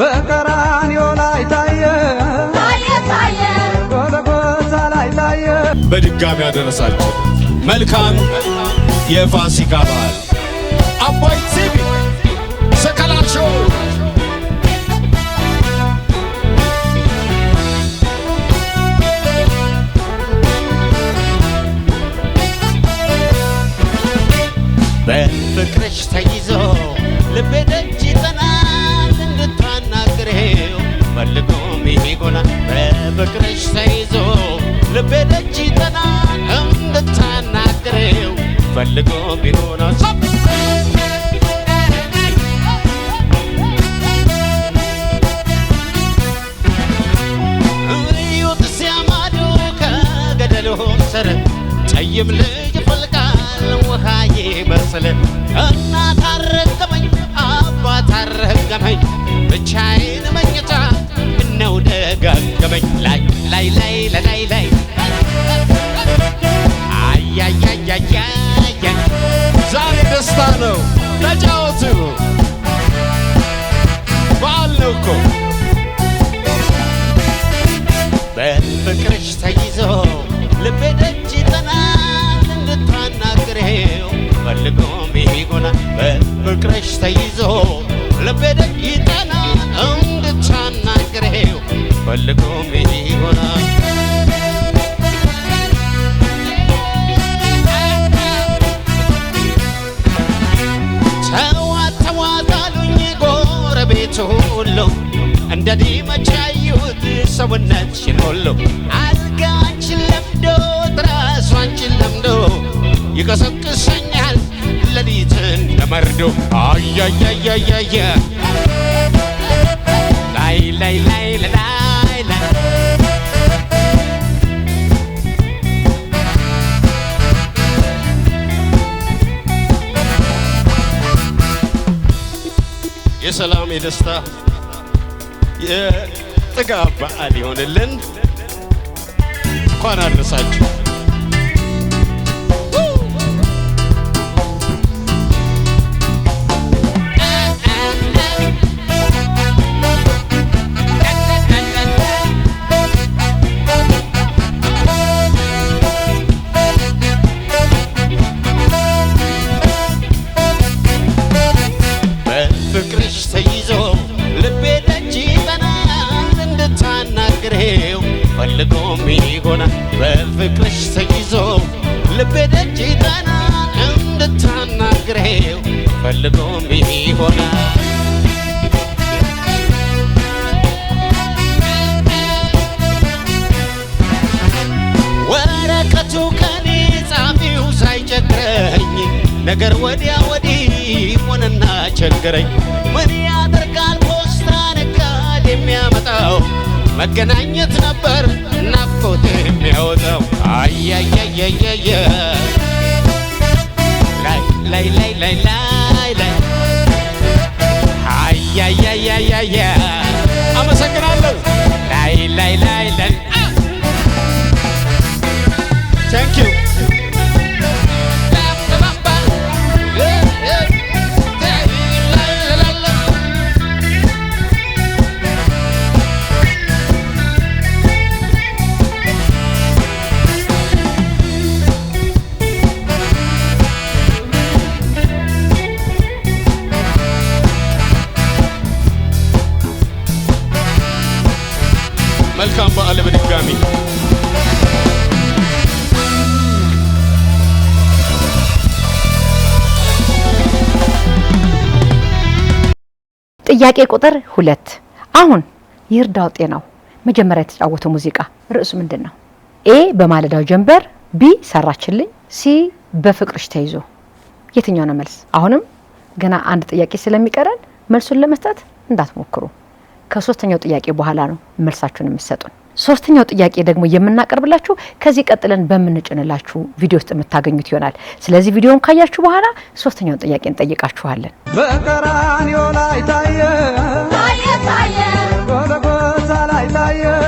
በቀራንዮ ላይ ታየ ታየ ጎልጎታ ላይ ታየ። በድጋሚ ያደረሳችሁ መልካም የፋሲካ በዓል አባይ ቲቪ ሰከላቸው በፍቅርሽ ተይዞ ልቤ ደጅ ፈልጎ ሚጎላ በፍቅርሽ ተይዞ ልቤ ደጅ ይጠናል እንድታናግሬው ፈልጎ ቢሆነ ጠይም ልጅ ይፈልቃል ውሃ ይመስል እናታ ቅመኝ ላይ ላይ ላይ ለላይ ላይ አያያያያ ዛሬ ደስታ ነው፣ ተጫወቱ በዓል ነው እኮ በፍቅርሽ ተይ ትልቁ ምን ይሆናል? ተዋት ተዋት አሉኝ ጎረቤቱ ሁሉ እንደዚህ መቼ አየሁት ሰውነትሽን ሁሉ አልጋችን ለምዶ ትራሷንችን ለምዶ ይቀሰቅሰኛል ሌሊት እንደ መርዶ ላይ ላይ ላይ የሰላም የደስታ የጥጋብ በዓል ይሆንልን። እንኳን አደረሳችሁ። ሆነ በፍቅርሽ ተይዞ ልቤ ደጅ ጠና እንድታናግሬው ፈልጎም ቢሆና ወረቀቱ ከኔ ጻፊው ሳይቸግረኝ ነገር ወዲያ ወዲህ ሆነና ቸገረኝ ምን ያደርጋል ፖስታ ነጋዴ የሚያመጣው መገናኘት ነበር ናፍቆት የሚያወጣው አያያያያየ ላይ ላይ ላይ ላይ ላይ አያያያያየ አመሰግናለሁ። ላይ ላይ ላይ ላይ ቴንኪዩ መልካም በዓል በድጋሚ ጥያቄ ቁጥር ሁለት አሁን ይርዳው ጤናው መጀመሪያ የተጫወተው ሙዚቃ ርዕሱ ምንድን ነው? ኤ በማለዳው ጀንበር፣ ቢ ሰራችልኝ፣ ሲ በፍቅርሽ ተይዞ የትኛው ነው መልስ? አሁንም ገና አንድ ጥያቄ ስለሚቀረን መልሱን ለመስጠት እንዳትሞክሩ። ከሶስተኛው ጥያቄ በኋላ ነው መልሳችሁን የምትሰጡን። ሶስተኛው ጥያቄ ደግሞ የምናቀርብላችሁ ከዚህ ቀጥለን በምንጭንላችሁ ቪዲዮ ውስጥ የምታገኙት ይሆናል። ስለዚህ ቪዲዮውን ካያችሁ በኋላ ሶስተኛውን ጥያቄ እንጠይቃችኋለን። በቀራንዮ ላይ ታየ ታየ